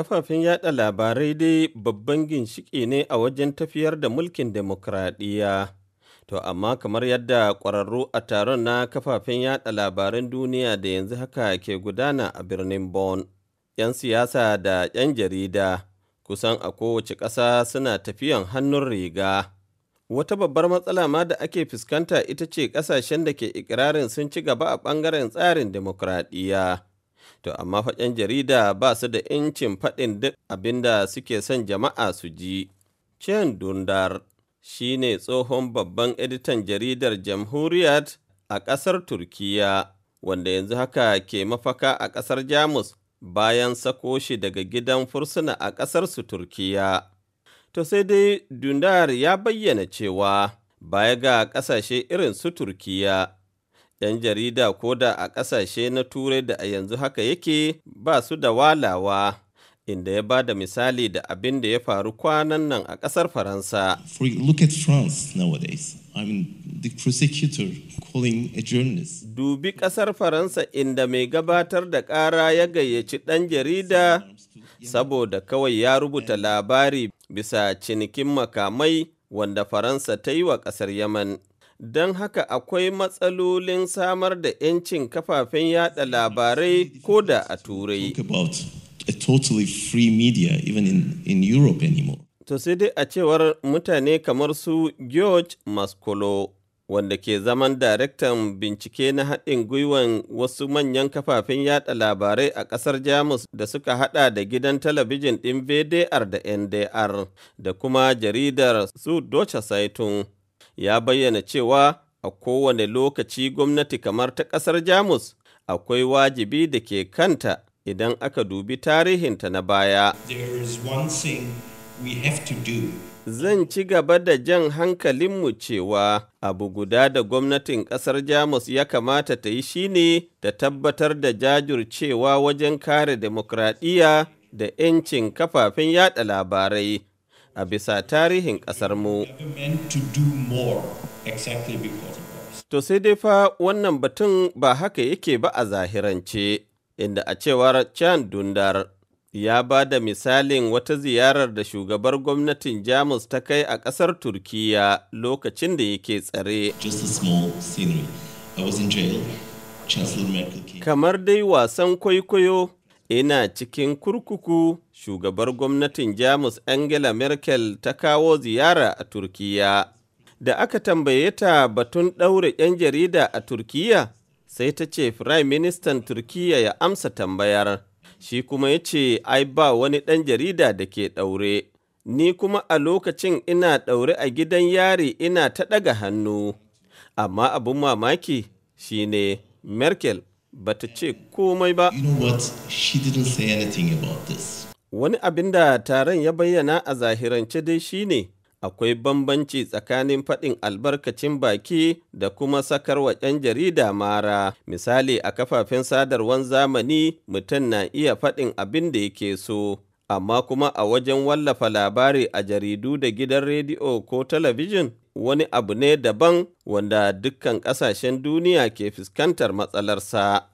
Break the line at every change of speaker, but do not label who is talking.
Kafafen yada labarai dai babban ginshiƙi ne a wajen tafiyar da mulkin demokuraɗiyya. To amma kamar yadda ƙwararru a taron na kafafen yada labaran duniya da yanzu haka ke gudana a birnin Bon, 'yan siyasa da 'yan jarida kusan a kowace ƙasa suna tafiyan hannun riga. Wata babbar matsala ma da ake fuskanta ita ce ƙasashen da ke ikirarin sun ci gaba a ɓangaren tsarin demokuraɗiyya. To amma faɗin jarida ba su da incin faɗin duk abin da suke son jama'a su ji. Chen Dundar shi ne tsohon babban editan jaridar Jamhuriyat a ƙasar Turkiya, wanda yanzu haka ke mafaka a ƙasar Jamus bayan sako shi daga gidan fursuna a ƙasar su Turkiya. To sai dai Dundar ya bayyana cewa baya ga ƙasashe irin su Turkiyya. 'yan jarida ko da a ƙasashe na turai da a yanzu haka yake ba su da walawa inda ya ba da misali da abin da ya faru kwanan nan a ƙasar faransa dubi ƙasar faransa inda mai gabatar da ƙara ya gayyaci ɗan jarida saboda kawai ya rubuta labari bisa cinikin makamai wanda faransa ta yi wa ƙasar yaman don haka akwai matsalolin samar da 'yancin kafafen yada labarai ko da a turai to sai dai a cewar mutane kamar su george mascolo wanda ke zaman daraktan bincike na haɗin gwiwan wasu manyan kafafen yada labarai a ƙasar jamus da suka haɗa da gidan talabijin ɗin vdr da ndr da kuma jaridar su Deutsche saitun ya bayyana cewa a kowane lokaci gwamnati kamar ta ƙasar Jamus akwai wajibi da ke kanta idan aka dubi tarihinta na baya. Zan ci gaba da jan hankalinmu cewa abu guda da gwamnatin ƙasar Jamus ya kamata ta yi shi ne ta tabbatar da jajircewa wajen kare demokradiyya da 'yancin kafafen yada labarai. a bisa tarihin mu. To sai dai fa wannan batun ba haka yake ba a zahirance, inda a cewar Chan Dundar ya ba da misalin wata ziyarar da shugabar gwamnatin Jamus ta kai a ƙasar turkiyya lokacin da yake tsare. Kamar dai wasan kwaikwayo ina cikin kurkuku shugabar gwamnatin jamus angela merkel ta kawo ziyara a Turkiyya. da aka tambaye ta batun ɗaure 'yan jarida a Turkiyya? sai ta ce firayim ministan turkiya ya amsa tambayar shi kuma ya ce ai ba wani ɗan jarida da ke ɗaure ni kuma a lokacin ina ɗaure a gidan yari ina ta ɗaga hannu amma abin mamaki shi ne, merkel ba ta ce komai ba. Wani abin da taron ya bayyana a zahirance dai shine akwai bambanci tsakanin faɗin albarkacin baki da kuma sakarwa 'yan jarida mara. Misali a kafafen sadarwar zamani mutum na iya faɗin abin da yake so. Amma kuma a wajen wallafa labari a jaridu da gidan rediyo ko talabijin wani abu ne daban wanda dukkan ƙasashen duniya ke fuskantar matsalarsa.